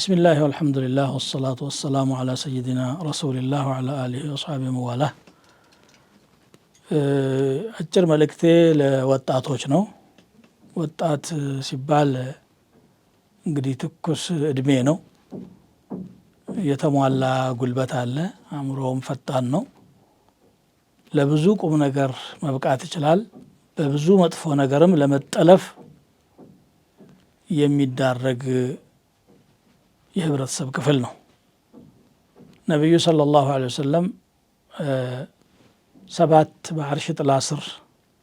بسم الله والحمد ወሰላሙ والصلاة والسلام على سيدنا رسول الله መዋላ አጭር መልእክቴ ለወጣቶች ነው። ወጣት ሲባል እንግዲህ ትኩስ እድሜ ነው። የተሟላ ጉልበት አለ። አእምሮውም ፈጣን ነው። ለብዙ ቁም ነገር መብቃት ይችላል። በብዙ መጥፎ ነገርም ለመጠለፍ የሚዳረግ የህብረተሰብ ክፍል ነው። ነቢዩ ሰለላሁ ዐለይሂ ወሰለም ሰባት በአርሽ ጥላ ስር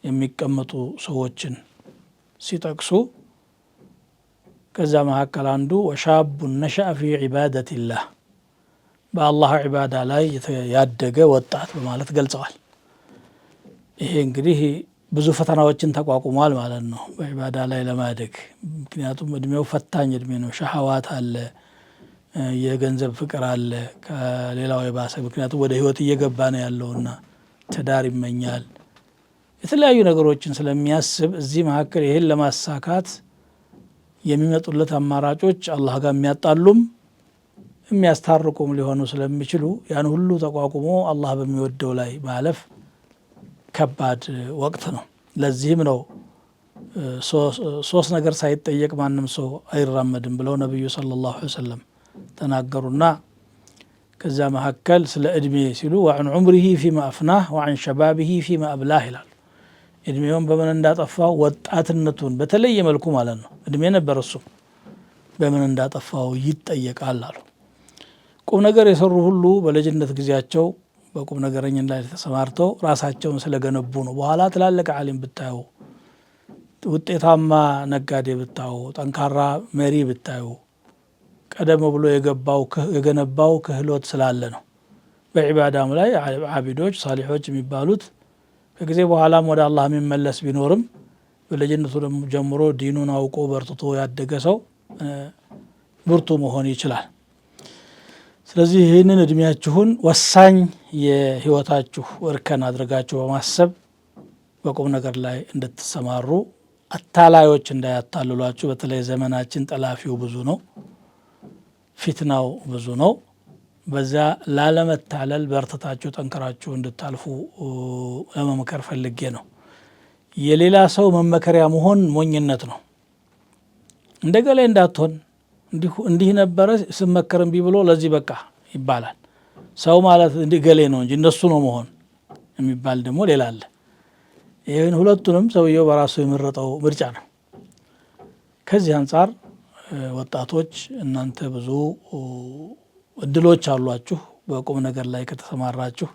የሚቀመጡ ሰዎችን ሲጠቅሱ ከዛ መካከል አንዱ ወሻቡ ነሻ ፊ ዒባደቲላህ በአላህ ዒባዳ ላይ ያደገ ወጣት በማለት ገልጸዋል። ይሄ እንግዲህ ብዙ ፈተናዎችን ተቋቁሟል ማለት ነው፣ በዒባዳ ላይ ለማደግ ምክንያቱም እድሜው ፈታኝ እድሜ ነው። ሸሃዋት አለ የገንዘብ ፍቅር አለ ከሌላው የባሰ። ምክንያቱም ወደ ህይወት እየገባ ነው ያለውና ትዳር ይመኛል፣ የተለያዩ ነገሮችን ስለሚያስብ እዚህ መካከል ይህን ለማሳካት የሚመጡለት አማራጮች አላህ ጋር የሚያጣሉም የሚያስታርቁም ሊሆኑ ስለሚችሉ ያን ሁሉ ተቋቁሞ አላህ በሚወደው ላይ ማለፍ ከባድ ወቅት ነው። ለዚህም ነው ሶስት ነገር ሳይጠየቅ ማንም ሰው አይራመድም ብለው ነቢዩ ሰለላሁ ዐለይሂ ወሰለም ተናገሩና ከዛ መካከል ስለ እድሜ ሲሉ ወአን ዑምሪሂ ፊማ አፍናህ ወአን ሸባብሂ ፊማ አብላህ ይላሉ። እድሜውን በምን እንዳጠፋው ወጣትነቱን በተለየ መልኩ ማለት ነው። እድሜ ነበር እሱ በምን እንዳጠፋው ይጠየቃል አሉ። ቁም ነገር የሰሩ ሁሉ በልጅነት ጊዜያቸው በቁም ነገረኝነት ላይ ተሰማርተው ራሳቸውን ስለገነቡ ነው። በኋላ ትላልቅ ዓሊም ብታዩ፣ ውጤታማ ነጋዴ ብታዩ፣ ጠንካራ መሪ ብታዩ ቀደም ብሎ የገነባው ክህሎት ስላለ ነው። በዒባዳም ላይ ዓቢዶች ሳሊሖች የሚባሉት ከጊዜ በኋላም ወደ አላህ የሚመለስ ቢኖርም በልጅነቱ ጀምሮ ዲኑን አውቆ በርትቶ ያደገ ሰው ብርቱ መሆን ይችላል። ስለዚህ ይህንን እድሜያችሁን ወሳኝ የህይወታችሁ እርከን አድርጋችሁ በማሰብ በቁም ነገር ላይ እንድትሰማሩ አታላዮች እንዳያታልሏችሁ። በተለይ ዘመናችን ጠላፊው ብዙ ነው። ፊትናው ብዙ ነው። በዚያ ላለመታለል በርትታችሁ ጠንክራችሁ እንድታልፉ ለመምከር ፈልጌ ነው። የሌላ ሰው መመከሪያ መሆን ሞኝነት ነው። እንደ ገሌ እንዳትሆን እንዲህ ነበረ ስመከር እምቢ ብሎ ለዚህ በቃ ይባላል። ሰው ማለት እንዲህ ገሌ ነው እንጂ እነሱ ነው መሆን የሚባል ደግሞ ሌላ አለ። ይህን ሁለቱንም ሰውየው በራሱ የመረጠው ምርጫ ነው። ከዚህ አንጻር ወጣቶች እናንተ ብዙ እድሎች አሏችሁ በቁም ነገር ላይ ከተሰማራችሁ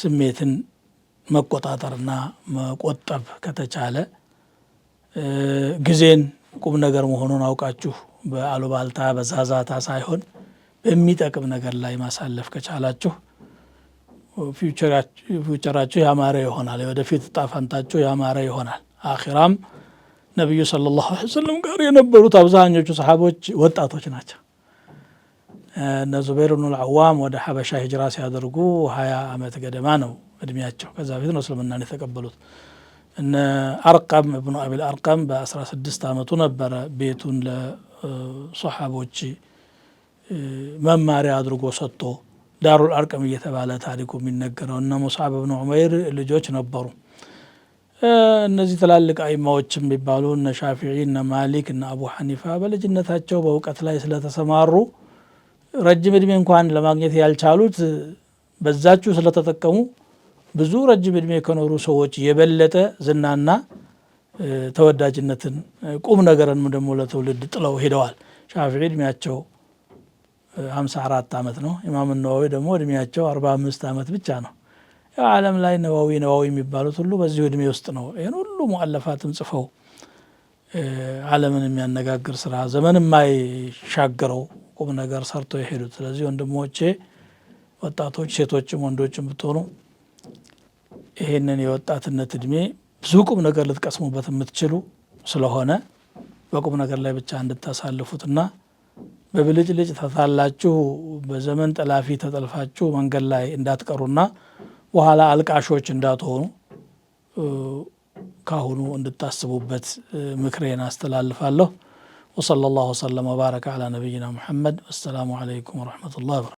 ስሜትን መቆጣጠርና መቆጠብ ከተቻለ ጊዜን ቁም ነገር መሆኑን አውቃችሁ በአሉባልታ በዛዛታ ሳይሆን በሚጠቅም ነገር ላይ ማሳለፍ ከቻላችሁ ፊውቸራችሁ ያማረ ይሆናል። የወደፊት እጣ ፈንታችሁ ያማረ ይሆናል። አኺራም ነቢዩ ሰለላሁ ዐለይሂ ወሰለም ጋር የነበሩት አብዛኞቹ ሰሓቦች ወጣቶች ናቸው። እነ ዙበይር ብኑ አዋም ወደ ሀበሻ ሂጅራ ሲያደርጉ ሀያ ዓመት ገደማ ነው እድሜያቸው። ከዛ በፊት ነው እስልምናን የተቀበሉት። እነ አርቀም እብኑ አቢል አርቀም በአስራ ስድስት ዓመቱ ነበረ ቤቱን ለሶሓቦች መማሪያ አድርጎ ሰጥቶ ዳሩል አርቀም እየተባለ ታሪኩ የሚነገረው። እነ ሙስዓብ እብኑ ዑመይር ልጆች ነበሩ። እነዚህ ትላልቅ አይማዎች የሚባሉ እነ ሻፊዒ፣ እነ ማሊክ፣ እነ አቡ ሐኒፋ በልጅነታቸው በእውቀት ላይ ስለተሰማሩ ረጅም እድሜ እንኳን ለማግኘት ያልቻሉት በዛችሁ ስለተጠቀሙ ብዙ ረጅም እድሜ ከኖሩ ሰዎች የበለጠ ዝናና ተወዳጅነትን ቁም ነገርን ደግሞ ለትውልድ ጥለው ሄደዋል። ሻፊዒ እድሜያቸው 54 ዓመት ነው። ኢማም ነዋዊ ደግሞ እድሜያቸው 45 ዓመት ብቻ ነው። የዓለም ላይ ነዋዊ ነዋዊ የሚባሉት ሁሉ በዚሁ እድሜ ውስጥ ነው። ይህን ሁሉ ሙአለፋትም ጽፈው ዓለምን የሚያነጋግር ስራ ዘመን የማይሻገረው ቁም ነገር ሰርቶ የሄዱት። ስለዚህ ወንድሞቼ ወጣቶች፣ ሴቶችም ወንዶችም ብትሆኑ ይህንን የወጣትነት እድሜ ብዙ ቁም ነገር ልትቀስሙበት የምትችሉ ስለሆነ በቁም ነገር ላይ ብቻ እንድታሳልፉትና በብልጭልጭ ተታላችሁ በዘመን ጠላፊ ተጠልፋችሁ መንገድ ላይ እንዳትቀሩና በኋላ አልቃሾች እንዳትሆኑ ካሁኑ እንድታስቡበት ምክሬን አስተላልፋለሁ። ወሰለላሁ ወሰለም ወባረከ አላ ነቢይና ሙሐመድ። አሰላሙ አለይኩም ወረሕመቱላህ